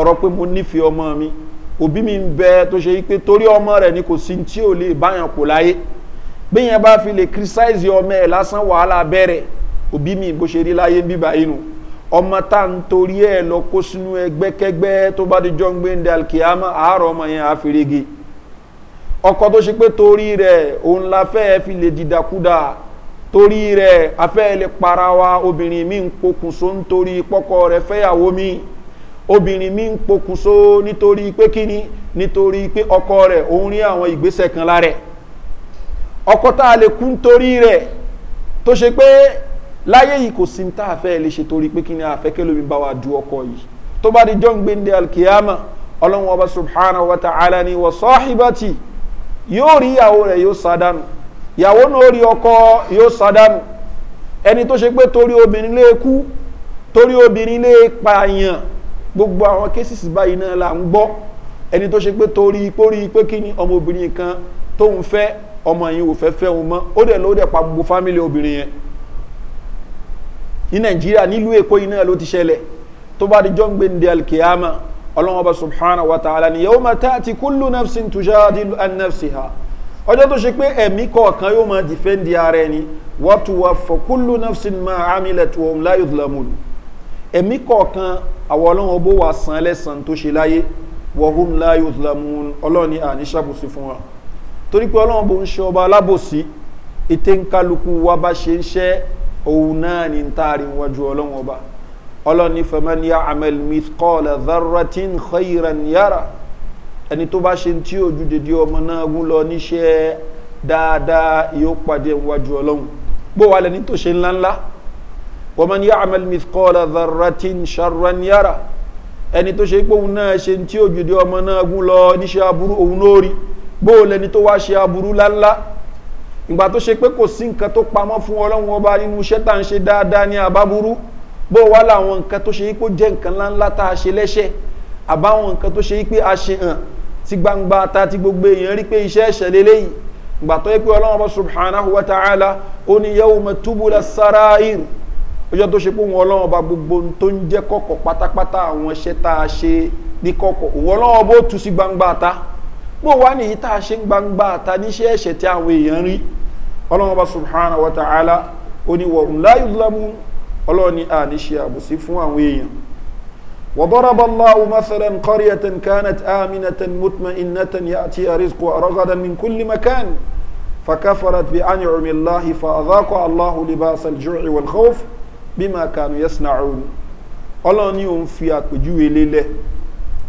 ọ̀rọ̀ pé mo nífẹ̀ẹ́ ọmọ mi òbí mi ń bẹ tó ṣe wípé torí ọmọ rẹ̀ ni kò sí tí ò lè báyàn kò láyé bí yẹn bá fi lè criticize ọmọ ẹ̀ lásán wàhálà bẹ̀rẹ̀ òbí mi bó ṣe rí láyé bíbá inú ọmọ tá ń torí ẹ̀ lọ kó sínú ẹgbẹ́kẹgbẹ́ tó bá di john gbendal kìámà àárọ̀ ọmọ yẹn àfẹ́rẹ́gẹ́ ọkọ̀ tó ṣe pé torí rẹ̀ òun la fẹ́ fi lè dìdàkudà torí rẹ afẹ́ lè para wa obìnrin mi ń pokùnso nítorí pọ́kọ rẹ̀ fẹ́yàwó mi obìnrin mi ń pokùnso nítorí pé kíni nítorí pé ọkọ rẹ òun rí àwọn ìgbésẹ̀ kan lára ọkọ tá a lè kú nítorí rẹ̀ tó ṣe pé láyé yìí kò sí tá a fẹ́ lè ṣe torí pé kíni àfẹ́ kẹlòmí bá wa du ọkọ yìí tó bá di john gbende alkiyama ọlọ́run ọba subhanahu wa ta'ala ni wọ́n sọ́ọ́hìbátì yóò rí ìyàwó rẹ̀ yóò sádánù ìyàwó náà rí ọkọ yóò sọdánù ẹni tó ṣe pé torí obìnrin lé kú torí obìnrin lé pààyàn gbogbo àwọn kéṣìṣì báyìí náà là ń gbọ́ ẹni tó ṣe pé torí pórí pé kí ni ọmọbìnrin kan tóun fẹ́ ọmọ yìí ò fẹ́ fẹ́ òun mọ́ ó dẹ̀ ló dẹ̀ pa gbogbo fámìlì obìnrin yẹn ní nàìjíríà nílùú èkó yìí náà ló ti ṣẹlẹ̀ tó bá di jọ́ǹgbé ní alkiyama ọlọ́wọ́n ọba subhanahu wa ta'ala ni yẹ́wọ́n ma tá kúlù nafsin tujadilu an ha ọjọ́ tó ṣe pé ẹ̀mí kọ̀ọ̀kan yóò máa dìfẹ́ǹdì ara ẹni wọ́tuwa fọkúlù nafsin máa amílẹ̀ tó wọn láyò dùlámùlù ẹ̀mí kọ̀ọ̀kan àwọn ọlọ́run ọbọ̀ wà sàn lẹ́sàn tó ṣe láyé wọ́hún láyò dùlámùlù ọlọ́run ni ẹni tó bá ṣe tí ojú dédé ọmọ náà gún lọ níṣẹ́ dáadáa yóò pàdé wájú ọlọ́run gbó wà lẹ́ni tó ṣe ńláńlá wọ́n mọ́ ní àmàlì mithkola zaratin sharon yara ẹni tó ṣe pé òun náà ṣe tí ojú dédé ọmọ náà gún lọ níṣẹ́ aburú òun lórí gbó lẹ́ni tó wá ṣe aburú láńlá ìgbà tó ṣe pé kò sí nǹkan tó pamọ́ fún ọlọ́run ọba nínú iṣẹ́ tá à ń ṣe dáadáa ní àbábúrú bó wà láwọn nǹkan tó ṣe pé jẹ́ nǹkan láńlá tá a ṣe lẹ́ṣẹ̀ àbáwọn nǹkan tó ṣe pé a ṣe hàn tí gbangba ta ti gbogbo èèyàn rí pé iṣẹ́ ìṣẹ̀lẹ̀ léyìí gbà tó yẹ pé ọlọ́run bá subhanahu wa ta'ala ó ní yẹ́wò mẹ́túbúlẹ̀ sarair ọjọ́ tó ṣe pé òun ọlọ́run bá gbogbo tó ń jẹ́ kọ́kọ̀ pátápátá àwọn iṣẹ́ tá a ṣe ní kọ́kọ̀ òun ọlọ́run bó tu sí gbangba ta bó wá nìyí tá ṣe ń gbangba ta níṣẹ́ ẹ̀ṣẹ̀ tí àwọn èèyàn rí ọlọ́run bá subhanahu wa ta'ala ó ní wọ̀rùn láyùlámù ọlọ́run ní àníṣe àbòsí fún àwọn èèyàn وضرب الله مثلا قرية كانت آمنة مطمئنة يأتي رزق رغدا من كل مكان فكفرت بأنعم الله فأذاقها الله لباس الجوع والخوف بما كانوا يصنعون ọlọ́run ní òun fi àpèjúwe lélẹ̀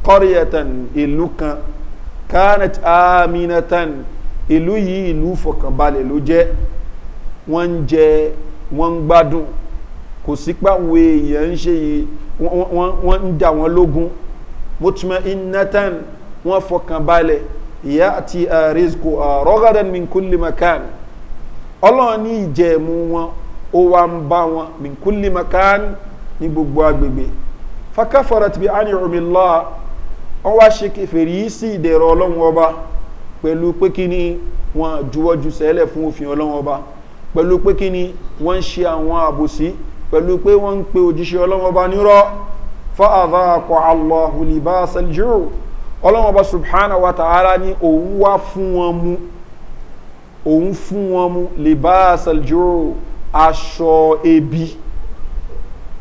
kọ́ríẹ̀tàn ìlú kan kánẹt àmìnàtàn ìlú yìí ìlú fọkànbalẹ̀ ló jẹ́ wọ́n ń jẹ wọ́n ń gbádùn kò sí pàwọn èèyàn ń ṣe yìí wọ́n ń dà wọ́n lógún mọ́túnmọ́ inatan wọ́n fọkàn balẹ̀ ìyá àti àrísìkò àrọ́gádà mìkúlì makan ọlọ́run ní ìjẹ̀mú wọn ó wá ń bá wọn mìkúlì makan ní gbogbo agbègbè fakáfọ́ra ti bí ánì ọmọlá wọ́n wá ṣe kẹfẹ̀rí sí ìdẹ̀rọ ọlọ́run ọba pẹ̀lú pé kí ni wọ́n juwọ́jú sẹ́lẹ̀ fún òfin ọlọ́run ọba pẹ̀lú pé kí ni wọ́n ń ṣe àwọn àbòsí pẹ̀lú pé wọ́n ń pe òjíṣẹ́ ọlọ́mọba nírọ́ fa'adha akọ̀ allahu libas aljiru ọlọ́mọba subhana wa ta'ala ni òun wá fún wọn mu òun fún wọn mu libas aljiru aṣọ ebi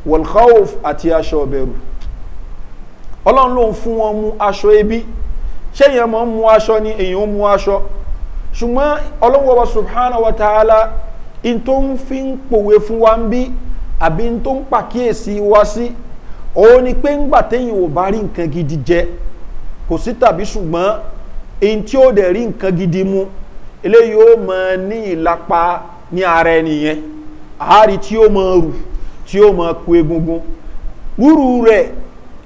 walkhawf àti aṣọ ọbẹ̀rù ọlọ́run ṣùgbọ́n ọlọ́wọ́ wa wa ta'ala in tó ń fi ń pòwe fún wa ń bí àbí n tó ń pàkíyèsí wá sí òun ni pé ńgbà téyìn ò bá rí nǹkan gidi jẹ kò sí tàbí ṣùgbọ́n èyí tí ó dẹ̀ rí nǹkan gidi mu eléyìí ó mọ ní ìlapa ní ara ẹnìyẹn àárí tí ó mọ rù tí ó mọ ku egungun rúrù rẹ̀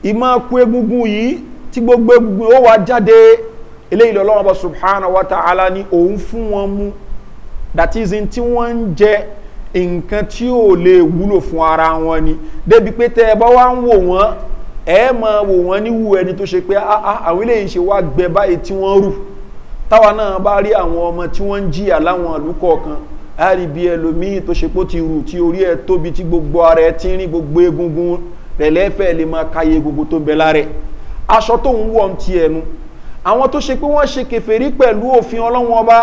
ìmọ̀ ku egungun yìí tí gbogbo egungun ó wá jáde eléyìí lọ́wọ́ subhanahu wa ta'ala ni òun fún wọn mú that is in tí wọ́n ń jẹ́ nǹkan tí ò lè wúlò fún ara wọn ni débi pé tẹ́ ẹ bá wá ń wò wọ́n ẹ mọ wò wọ́n níwú ẹni tó ṣe pé ah, ah, ah, àwọn eléyìí ṣe wá gbẹ báyìí tí wọ́n rù táwa náà bá rí àwọn ọmọ tí wọ́n ń jìyà láwọn ìlú kọ̀ọ̀kan a rí bí ẹlòmíì tó ṣe pé ó ti rù tí orí ẹ tóbi tí gbogbo ara ti rí gbogbo egungun rẹ̀ lẹ́fẹ̀ẹ́ lè máa káyé gbogbo tó bẹ lára aṣọ tó ń wọ̀ ti ẹnu àwọn tó ṣe pé wọ́n ṣe kẹfẹ́rí pẹ̀lú òfin ọlọ́wọ́n ọba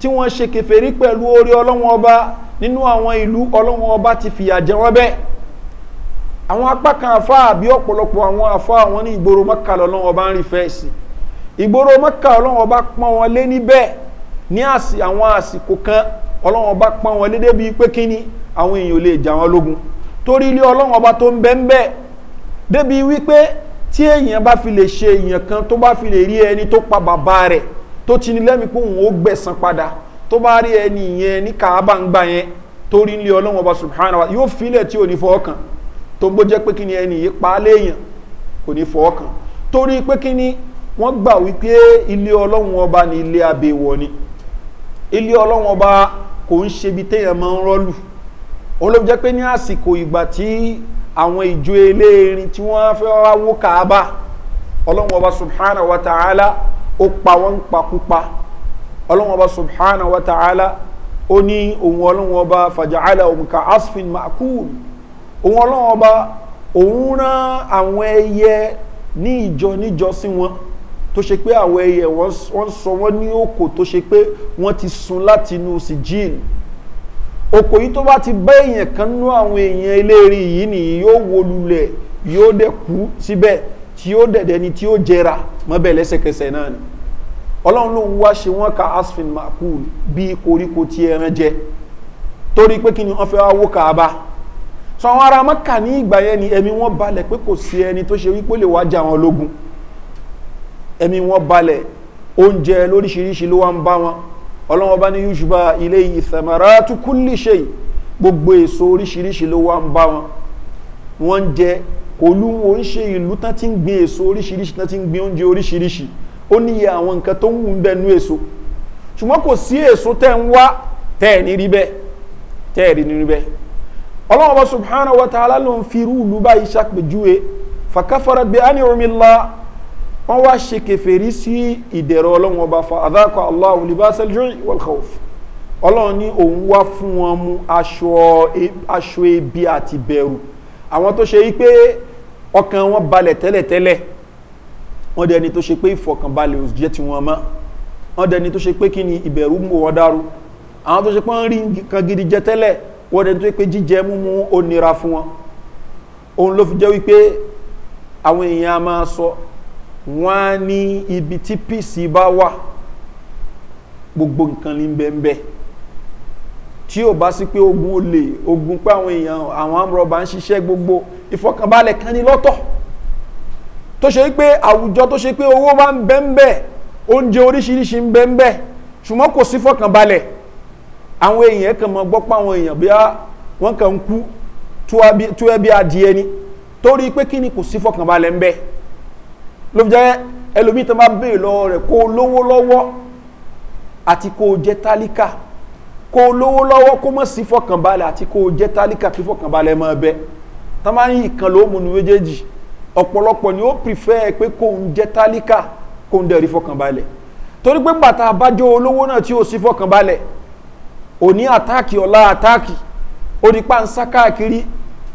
tí wọ́n ṣe kẹfẹ́rí pẹ̀lú orí ọlọ́wọ́n ọba nínú àwọn ìlú ọlọ́wọ́n ọba ti fìyà jẹ wọ́n bẹ́ẹ̀ àwọn apá kan afá àbí ọ̀pọ̀lọpọ̀ àwọn afá àwọn ní ìgboro mọ́kà lọ́wọ́n ọba ń rí fẹ́ sí ìgboro mọ́kà ọlọ́wọ́n ọba pọ́n wọn lé níbẹ̀ ní àsì àwọn àsìkò kan ọlọ́wọ́n ọba pọ́n wọn lédè bíi pé kíní àwọn èèyàn lè jà wọn lógun torí ilé ọlọ́wọ́n ọba tó ń bẹ́ ń bẹ́ débi wípé tí èèyàn bá fi lè ṣe èèyàn kan tó bá fi lè rí ẹni tó pa bàbá rẹ̀ tó ti ní lẹ́mìí pé òun ó gbẹ̀sán padà tó bá rí ẹni yẹn ní kaaba ń gbà yẹn torí nílé ọlọ́run ọba subhanahu wa yóò filẹ̀ tí ò ní fọ́ ọkàn tó gbó jẹ́ pé kí ni ẹni yìí pa á léèyàn kò ní fọ́ ọkàn torí pé kí ni wọ́n gbà wípé ilé ọlọ́run ọba ní ilé abèwọ̀ ni ilé ọlọ́run ọba kò ń ṣe ibi téèyàn máa ń rọ́lù olóòjọ́ jẹ́ pé ní àsìkò ìgbà tí àwọn ìjọ eléèrin tí wọ́n fẹ́ wá wó kaaba ọlọ́run ọba subhanahu wa ta'ala ó pa wọ́n ń pakúpa. Pa ọlọ́wọ́n ọba subhanahu wa ta'ala ó ní òun ọlọ́wọ́n ọba fàjàálà òun ka asfin makul òun ọlọ́wọ́n ọba òun rán àwọn ẹyẹ ní ìjọ níjọ sí wọn tó ṣe pé àwọn ẹyẹ wọ́n sọ wọ́n ní òkò tó ṣe pé wọ́n ti sun láti inú sí jíìnì òkò yìí tó bá ti bá èèyàn kan nú àwọn èèyàn eléèrè yìí nìyí yóò wo lulẹ̀ yóò dẹ̀ kú síbẹ̀ tí yóò dẹ̀dẹ̀ ni tí yóò jẹra mọ́bẹ̀ lẹ́sẹkẹsẹ náà ni ọlọ́run ló ń wá ṣe wọ́n ka asfin makul bí koríko ti ẹran jẹ torí pé kí ni wọ́n fẹ́ wá wó kaaba sọ àwọn ará mọ́kà ní ìgbà yẹn ni ẹ̀mí wọ́n balẹ̀ pé kò sí ẹni tó ṣe wípé lè wájà wọn lógun ẹ̀mí wọ́n balẹ̀ oúnjẹ lóríṣiríṣi ló wá ń bá wọn ọlọ́wọ́n bá ní yúṣùbà ilé ìsẹ̀mọ̀rá tún kú níṣe gbogbo èso oríṣiríṣi ló wá ń bá wọn wọ́n jẹ kò lú ìlú tán ti ń gbin èso oríṣiríṣi tán ti ń gbin oúnjẹ oríṣiríṣi ó níye àwọn nǹkan tó ń wù ń bẹ nú èso ṣùgbọ́n kò sí èso tẹ́ ń wá tẹ́ ẹ̀ ní rí bẹ́ẹ̀ tẹ́ ẹ̀ rí ní rí bẹ́ẹ̀ ọlọ́run bá subhana wa ta'ala ló ń fi irú ìlú báyìí ṣàpèjúwe fàkàfàrà bí a ní omi ńlá wọ́n wá ṣe kẹfẹ́rí sí ìdẹ̀rọ ọlọ́run ọba fa àdákọ̀ allah olùbásẹ́ lórí wàlkọ́f ọlọ́run ní òun wá fún wọn mú aṣọ e, ebi àti bẹ̀rù àwọn tó ṣe yí pé ọkàn wọn balẹ̀ tẹ́lẹ̀tẹ́lẹ̀ tẹ́lẹ̀ wọ́n dẹni tó ṣe pé ìfọ̀kànbalẹ̀ ò jẹ́ tiwọn mọ́ wọ́n dẹni tó ṣe pé kí ni ìbẹ̀rù mú wọ́n dárú àwọn tó ṣe pé ń rí nǹkan gidi jẹ tẹ́lẹ̀ wọ́n dẹni tó ṣe pé jíjẹ múmú ó nira fún wọn òun ló fi jẹ́ wípé àwọn èèyàn a máa sọ wọ́n á ní ibi tí píìsì bá wà gbogbo nǹkan ní bẹ́ẹ̀ tí ò bá sí pé ogun olè ogun pé àwọn èèyàn àwọn amúrọ̀bà ń ṣiṣẹ́ gbogbo ìfọ̀kànbalẹ̀ kan ní lọ́tọ̀ tó ṣe pé àwùjọ tó ṣe pé owó bá ń bẹ́ ń bẹ́ oúnjẹ oríṣiríṣi ń bẹ́ ń bẹ́ ṣùgbọ́n kò sí fọkànbalẹ̀ àwọn èèyàn kan mọ gbọ́ pa àwọn èèyàn bí wọ́n kàn ń kú tó ẹbí adìẹ ni torí pé kí ni kò sí fọkànbalẹ̀ ń bẹ́ ló fi jẹ́ ẹlòmíì tó bá béèrè lọ́wọ́ rẹ̀ kó lówó lọ́wọ́ àti kó jẹ́ tálíkà kó lówó lọ́wọ́ kó mọ̀ sí fọkànbalẹ̀ àti kó jẹ́ tálíkà kí fọkànbalẹ̀ mọ́ ọbẹ̀ tó máa ń yí ìkan ló mú nu méjèèjì ọ̀pọ̀lọpọ̀ ni ó prefer pé kóun jẹ́ tálíkà kóun dẹ̀rí fọkànbalẹ̀ torí pé bàtà àbájọ olówó náà tí ó sì fọkànbalẹ̀ òní àtáàkì ọ̀la àtáàkì ó di pa ń sá káàkiri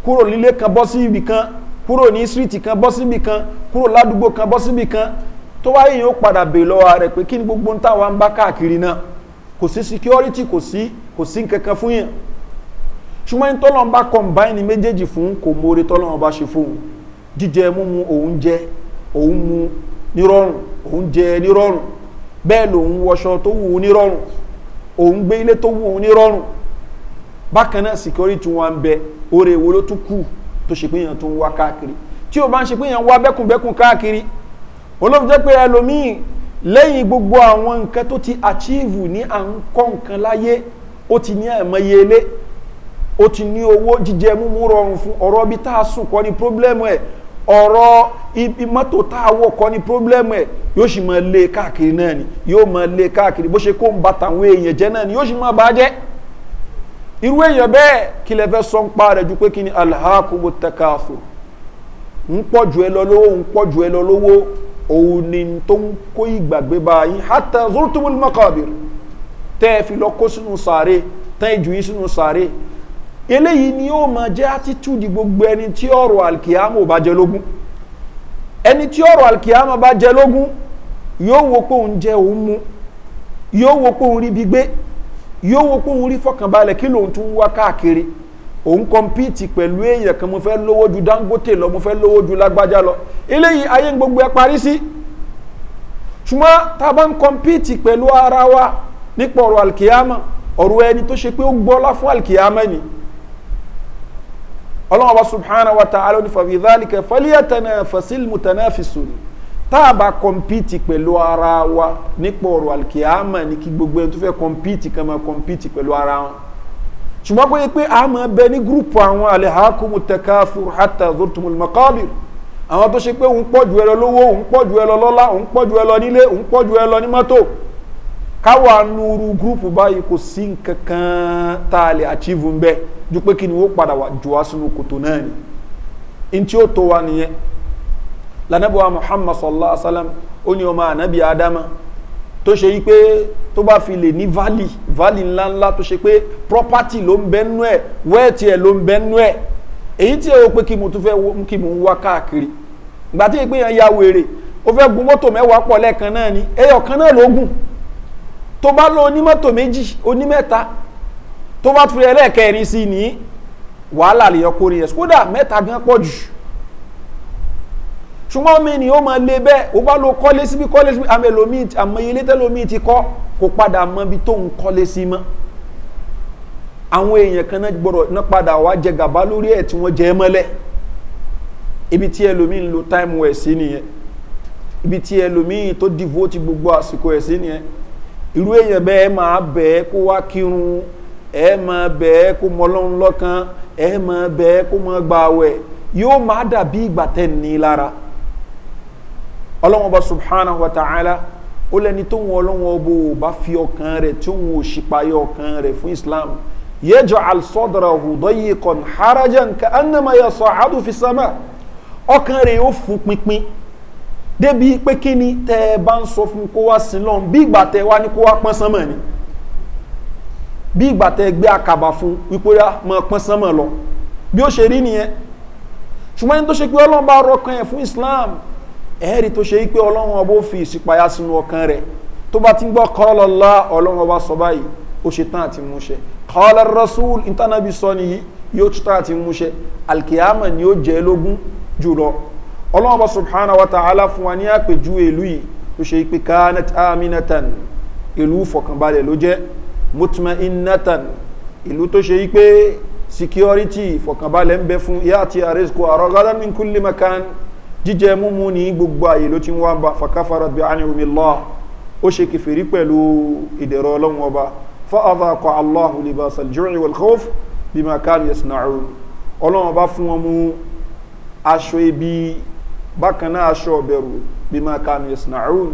kúrò nílé kan bọ́ sí ibì kan kúrò ní síríìtì kan bọ́ síbì kan kúrò ládùúgbò kan bọ́ síbì kan tó wáyé yìí ó padà bè lọ́wọ́ rẹ̀ pé kí ni gbogbo ń táwa ń bá káàkiri náà kò sí security kò sí kò sí nkankan fún yàn ṣùgbọ́n ní tọ́lọ́mbà combine méjèèjì fún kò mórè tọ́lọ́mbà ṣe fún un jíjẹ múmu òun jẹ òun mu nírọ̀rùn òun jẹ nírọ̀rùn bẹ́ẹ̀ lòun wọṣọ tó wù nírọ̀rùn òun gbé ilé tó wù nírọ̀rùn bákan náà security wọn ń bẹ oore èwo ló tún kù tó ṣe pé tó ń wá káàkiri tí o bá ń ṣe pé èèyàn wá bẹ́kùnbẹ́kùn káàkiri olóòfin jẹ́ pé ẹlòmíì lẹ́yìn gbogbo àwọn nǹkan tó ti achieve ní à ń kọ́ nǹkan láyé ó ti ní àìmọye ilé ó ti ní owó jíjẹ múmú rọrùn fún ọ̀rọ̀ bí tá a sùn kọ́ ni problem ẹ̀ ọ̀rọ̀ ibi mọ́tò tá a wọ̀ kọ́ ni pírọ́blẹ́mù ẹ̀ yóò sì máa lé káàkiri náà ni yóò máa lé káàkiri bó ṣe kó ń ba tàwọn èèyàn jẹ́ náà ni yóò sì máa bá jẹ́ irú èèyàn bẹ́ẹ̀ kí lẹ fẹ́ sọ ń pa rẹ̀ ju pé kí ni alhakubu takaso ń pọ̀ ju ẹ lọ lówó ń pọ̀ ju ẹ lọ lówó òun ni tó ń kó ìgbàgbé bá yín hátà zoltumul makabir tẹ́ ẹ fi lọ kó sínú sàárè tẹ́ ẹ jù yín sínú sàárè eléyìí ni yóò máa jẹ́ attitude gbogbo ẹni tí ọ̀rọ̀ alkiyama ò bá jẹ lógún ẹni tí ọ̀rọ̀ alkiyama bá jẹ lógún yóò wo pé òun jẹ òun mu yóò wo pé òun rí bí gbé yóò wo pé òun rí fọkànbalẹ̀ kí lòun tún wá káàkiri òun kọ́mpìtì pẹ̀lú èèyàn kan mo fẹ́ lówó ju dangote lọ mo fẹ́ lówó ju lágbájá lọ eléyìí ayé gbogbo ẹ parí sí ṣùgbọ́n tá ń kọ́mpìtì pẹ̀lú ara wa nípa ọ̀rọ̀ alkiyama ọ̀rọ̀ ẹni tó ṣe pé ó gbọ́lá fún alkiyama ni ọlọ́run ọba subhanahu wa ta'ala ní fàbí ìdálìkẹ́ fọlíyàtẹ̀nà fasil mutanafisun tá a bá kọ̀mpìtì pẹ̀lú ara wa nípa ọ̀rọ̀ alkiyama ní kí gbogbo ẹni tó fẹ́ kọ̀mpìtì kan máa kọ̀mpìtì pẹ̀lú ara wọn ṣùgbọ́n pé pé a máa bẹ ní gúrùpù àwọn alihakumu tẹkafu hata zurtumul makabir àwọn tó ṣe pé òun pọ̀ ju ẹ lọ lówó òun pọ̀ ju ẹ lọ lọ́lá òun pọ̀ ju ẹ lọ nílé òun pọ̀ ju ẹ lọ ní mọ́tò káwa nuru gúrùpù báyìí kò sí nǹkan kan tá a lè àchíìvù ń bẹ́ ju pé kí ni ó padà wà jù wá sínú kòtò náà ni in tí ó tó wa nìyẹn lànàbíwá muhammad sallallahu alaihi wa sallam ó ní ọmọ ànábì adama tó ṣe yí pé tó bá fi lè ní valley valley ńláńlá tó ṣe pé property ló ń bẹ́ nú ẹ̀ wẹ́ẹ̀tì ẹ̀ ló ń bẹ́ nú ẹ̀ èyí tí ó pé ya wèrè ó fẹ́ gun mọ́tò mẹ́wàá pọ̀ tó bá lọ onímọ́tò méjì onímẹ́ta tó bá fi ẹlẹ́ẹ̀kẹrin sí ní wàhálà lè yọ kórè yẹn kódà mẹ́ta gan pọ̀ jù ṣùgbọ́n mi ni ó máa le bẹ́ẹ̀ ó bá lo kọ́lé síbi kọ́lé síbi àmì ẹlòmíì àmì ilé tẹ́lòmíì ti kọ́ kó padà mọ ibi tó ń kọ́lé sí mọ́ àwọn èèyàn kan náà gbọ́dọ̀ náà padà wá jẹ gàba lórí ẹ̀ tí wọ́n jẹ mọ́lẹ̀ ibi tí ẹlòmíì ń lo time wẹ̀ sí nìyẹn ibi tí ẹlòmíì tó devote gbogbo àsìkò ẹ̀ sí nìyẹn irú èèyàn bẹ́ẹ̀ máa bẹ́ẹ̀ kó wá kírun ẹ máa bẹ́ẹ̀ kó mọ ọlọ́run lọ́kan ẹ máa bẹ́ẹ̀ kó mọ gba awẹ yóò máa dàbí ìgbà tẹ̀ ní lára ọlọ́run bá subhana wa ta'ala ó lẹ́ni tó wọn ọlọ́run ọbọ̀ ò bá fi ọkàn rẹ̀ tí òun ò ṣìpayọ ọkàn rẹ̀ fún islam yẹjọ alsọdọrọ ọhùndọ yìí kan harajan ka anamaya sọ àdùfi ọkàn rẹ̀ yóò fún pinpin débi pé kí ni tẹ́ ẹ bá ń sọ fún kó wá sí lọ́n bí ìgbà tẹ́ wá ní kó wá pọ́n sánmọ̀ ni bí ìgbà tẹ́ gbé àkàbà fún wípé rá mọ́ pọ́n sánmọ̀ lọ bí ó ṣe rí nìyẹn ṣùgbọ́n ẹni tó ṣe pé ọlọ́run bá rọkàn ẹ̀ fún islam ẹ̀ẹ́rì tó ṣe pé ọlọ́run ọba ó fi ìsìpayà sínú ọkàn rẹ̀ tó bá ti ń gbọ́ kọ́lọ́lá ọlọ́run ọba sọ báyìí ó ṣe tán àti múṣẹ kọ́lá rasul ìtànàbí sọ nìyí yóò tún tán àti múṣẹ alkiyama ni ó jẹ́ lógún jùlọ ọlọ́wọ́ba subhana wa ta'ala fún wa ní àpèjú ìlú yìí tó ṣe pé kanat aminatan ìlú fọkànbalẹ̀ ló jẹ́ mutma innatan ìlú tó ṣe pé security fọkànbalẹ̀ ń bẹ fún ìyá àti àrẹ́sìkò àrọ́gádá ní kúlì makan jíjẹ múmu ní gbogbo àyè ló ti ń wá bá fakafara bí a ní omi aṣọ ibi bákan náà aṣọ ọ̀bẹ̀rù bí máa kanu ìsìnàrún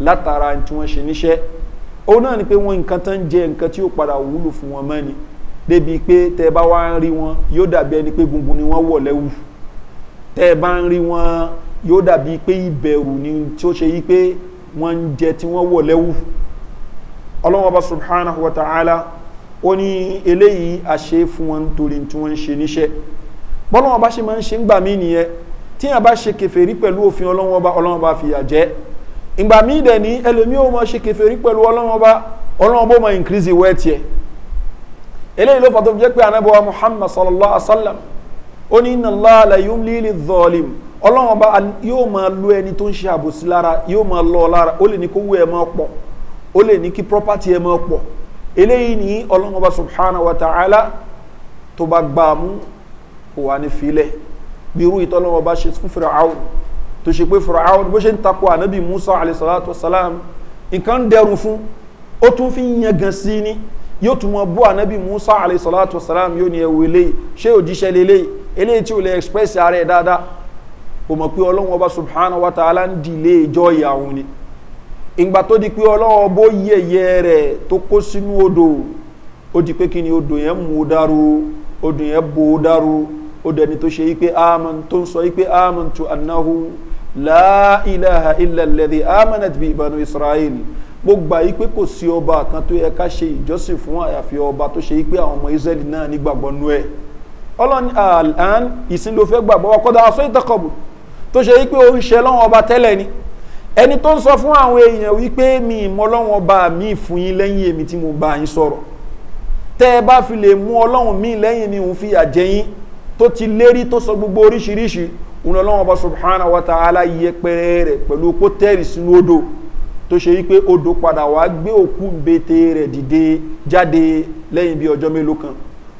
látara tí wọ́n ṣe níṣẹ́ ó náà ni pé wọ́n nǹkan tán jẹ nǹkan tí ó padà wúlò fún wọn mọ́ni débi pé tẹ́ bá wá ń rí wọn yóò dàbí ẹni pé gungun ni wọ́n wọ̀ lẹ́wù tẹ́ bá ń rí wọn yóò dàbí pé ìbẹ̀rù ni tí ó ṣe yí pé wọ́n ń jẹ tí wọ́n wọ̀ lẹ́wù ọlọ́wọ́ba subhanahu wa ta'ala ó ní eléyìí àṣe fún wọn nítorí tí wọ́n ń ṣe níṣẹ́ bọ́lọ́wọ́ba ṣe máa ń ṣe ń gbà mí nìyẹn tí yàn bá ṣe kẹfẹ́rí pẹ̀lú òfin ọlọ́wọ́n ọba ọlọ́wọ́n ọba fìyà jẹ́ ìgbà míì dẹ̀ ní ẹlòmíì ó mọ ṣe kẹfẹ́rí pẹ̀lú ọlọ́wọ́n ọba ọlọ́wọ́n ọba ó mọ increase ìwẹ́ tiẹ̀ eléyìí ló fà tó fi jẹ́ pé anábọ́wá muhammad sallallahu alaihi wa sallam ó ní iná láàlà yóò ń líle zọ́ọ̀lìm ọlọ́run ọba yóò máa lo ẹni tó ń ṣe àbòsí lára yóò máa lọ lára ó lè ní kó ẹ máa pọ̀ ó lè ní kí property ẹ máa pọ̀ eléyìí ní ọlọ́run ọba subhanahu wa ta'ala tó bá gbà kò wá ní filẹ̀ bí irú ìtọ́lọ́wọ́ bá ṣe fún fìràáùn tó ṣe pé fìràáùn bó ṣe ń takò ànábì musa alayhisalatu wasalam nǹkan ń dẹrù fún ó tún fi ń yangan sí ni yóò tún mọ bú ànábì musa alayhisalatu wasalam yóò ní ẹwọ eléyìí ṣé òjíṣẹ́ lélẹ́yìí eléyìí tí ò lè express ara ẹ̀ dáadáa kò mọ̀ pé ọlọ́wọ́ bá subhanahu wa ta'ala ń dìlé ìjọ ìyàwó ni ìgbà tó di pé ọlọ́wọ́ bó yẹ̀yẹ rẹ̀ tó kó sínú odò ó di pé kí ni odò yẹn mú o odò yẹn bò o ó dẹni tó ṣe wípé amon tó ń sọ wípé amon tu anahu láìláha ilẹ̀lẹ́dì amonat bí ìbánu israel mo gbà yí pé kò sí ọba kan tó yẹ ká ṣe ìjọsìn fún àyàfi ọba tó ṣe wípé àwọn ọmọ israeli náà nígbàgbọ́ nú ẹ̀ ọlọ́ni àlán ìsìn ló fẹ́ gbàgbọ́ wa aṣọ ìtọ́kọ̀bù tó ṣe wípé ó ń ṣe lọ́wọ́ ọba tẹ́lẹ̀ ni ẹni tó ń sọ fún àwọn èèyàn wípé mi ìmọ̀ lọ́wọ́ ọba mi fún yín lẹ́yìn èmi tí mo bá yín sọ̀rọ̀ tẹ́ ẹ bá fi lè mú ọlọ́run mi lẹ́yìn mi òun fìyà jẹ tó ti lérí tó sọ gbogbo oríṣiríṣi òun bá subhana wa ta'ala yẹ pẹ̀rẹ̀ rẹ̀ pẹ̀lú kó tẹ́rì sínú odò tó ṣe wípé odò padà wá gbé òkú bete rẹ̀ dìde jáde lẹ́yìn bí ọjọ́ mélòó kan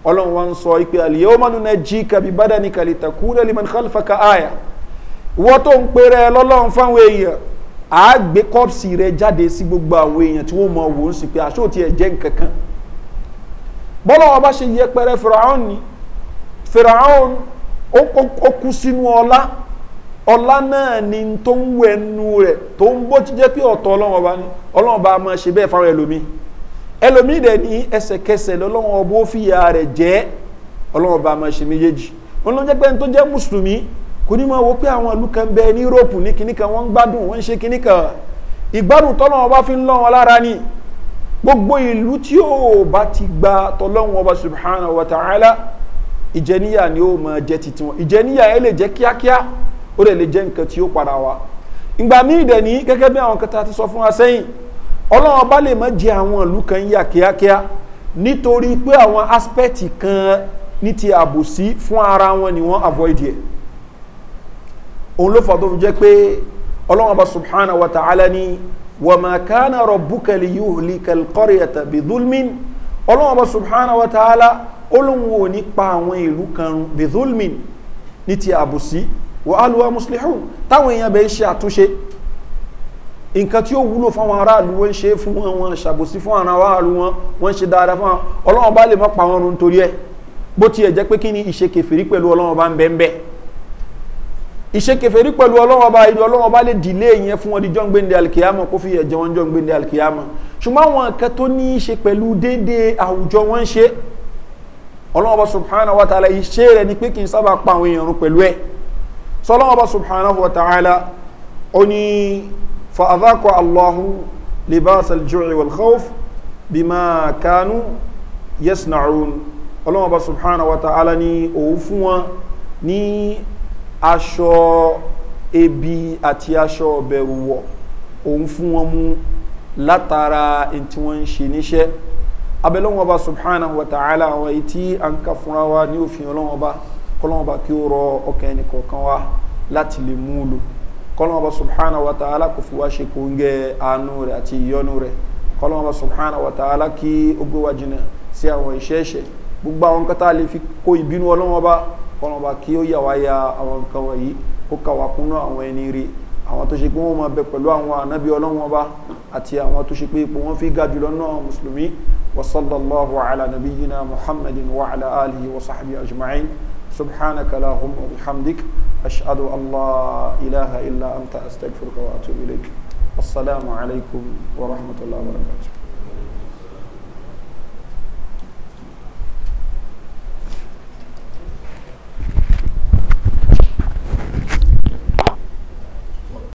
ọlọ́run wa ń sọ wípé àlìyé kabi bádà ní kàlítà kú lẹ́lí mọ́ni kálífà ká àyà wọ́n tó ń pèrè lọ́lọ́run fáwọn èèyàn á gbé kọ́ọ̀sì rẹ̀ jáde sí gbogbo àwọn èèyàn tí kan bọ́lọ́wọ́ bá ṣe yẹpẹrẹ fìràhàn ó kú sínú ọlá ọlá náà ni tó ń wẹ̀ nu rẹ̀ tó ń bó ti jẹ́ pé ọ̀tọ̀ ọlọ́run ọba ni ọlọ́run ọba máa ṣe bẹ́ẹ̀ fáwọn ẹlòmíì ẹlòmíì dẹ̀ ní ẹsẹ̀kẹsẹ̀ lọ́lọ́run ọba ó fìyà rẹ̀ jẹ́ ọlọ́run ọba ṣe méjèèjì wọn ló jẹ́ pé tó jẹ́ mùsùlùmí kò ní máa wo pé àwọn ìlú kan bẹ ní europe ní kinní kan wọ́n ń gbádùn wọ́n ń ṣe kinní kan ìgbádùn tọ́lọ́run fi ń lọ́ wọn lára ni gbogbo ìlú tí ó bá ti gba tọ́lọ́run subhanahu wa ta'ala ìjẹníyà ni ó mọ jẹ titi wọn ìjẹníyà ẹ lè jẹ kíákíá ó dẹ̀ lè jẹ nǹkan tí ó padà wá ìgbà míì dẹ̀ ní gẹ́gẹ́ bí àwọn kẹta ti sọ fún wa sẹ́yìn ọlọ́run bá lè mọ jẹ àwọn ìlú kan yà kíákíá nítorí pé àwọn aspect kan ní ti àbòsí fún ara wọn ni wọ́n avoid yẹ òun ló fà tó fi jẹ́ pé ọlọ́run bá subhanahu wa ta'ala ni wà kánà rọ̀ búkẹ́lì yóò lè kẹ́lì kọ́rìyàtà bí dulmin ọlọ́run bá subhanahu wa ta'ala olóhun ò ní pa àwọn ìlú kan run bethulmin ní ti àbùsí wà á lùwà muslihun táwọn èèyàn bẹ̀ ń ṣe àtúnṣe nǹkan tí ó wúlò fáwọn aráàlú wọ́n ń ṣe fún wọn wọn ṣàbòsí fún àwọn aráàlú wọn wọ́n ń ṣe dáadáa fún wọn ọlọ́run bá lè má pa wọn run torí ẹ̀ bó tiẹ̀ jẹ́ pé kí ni ìṣe kẹfìrí pẹ̀lú ọlọ́run bá ń bẹ́ ń bẹ́ ìṣe kẹfìrí pẹ̀lú ọlọ́run bá ìlú ọlọ́run bá lè dìlé yẹn fún wọn di john gbende alkiyama kó fi yẹ jẹ wọn john gbende alkiyama ṣùgbọ́n àwọn nǹkan tó ní í ṣe pẹ̀lú déédéé àwùjọ wọn ń ṣe ọlọ́wọ́n bá subhanahu wa ta'ala iṣẹ́ rẹ̀ ni pé kí n sábà pa àwọn èèyàn pẹ̀lú ẹ̀ sọ ọlọ́wọ́n bá subhanahu wa ta'ala ó ní fa'adhaqqa allahu libas al-ju'i wal khawf bima kanu yasna'un ọlọ́wọ́n subhanahu wa ta'ala ni òun fún wọn ní aṣọ ebi àti aṣọ bẹ̀rù wọ̀ òun fún wọn mú látara tí wọ́n ń ṣe níṣẹ́ abẹ́lẹ́wọ̀n ọba subhana wa ta'ala àwọn èyí tí a ń wa ní òfin ọlọ́wọ́n ọba kọ́lọ́wọ́n ọba kí ó rọ ọkàn ẹnì kọ̀ọ̀kan wa láti lè mú un subhana wa ta'ala kò fi wá ṣe kò ń gẹ àánú rẹ̀ àti ìyọnu rẹ̀ kọ́lọ́wọ́n subhana wa ta'ala ki ó gbé wa jìnnà sí àwọn ìṣẹ́ṣẹ́ gbogbo àwọn nǹkan tá a fi kó ìbínú ọlọ́wọ́n ọba kọ́lọ́wọ́n ọba kí ya àwọn nǹkan wọ̀nyí kó kà wá kúnú àwọn ẹni rí àwọn tó ṣe pé wọ́n máa bẹ pẹ̀lú àwọn ànábì ọlọ́wọ́n ọba àti àwọn tó ṣe pé ipò wọn fi ga jùlọ náà mùsùlùmí وصلى الله على نبينا محمد وعلى آله وصحبه أجمعين سبحانك اللهم وبحمدك أشهد أن لا إله إلا أنت أستغفرك وأتوب إليك السلام عليكم ورحمة الله وبركاته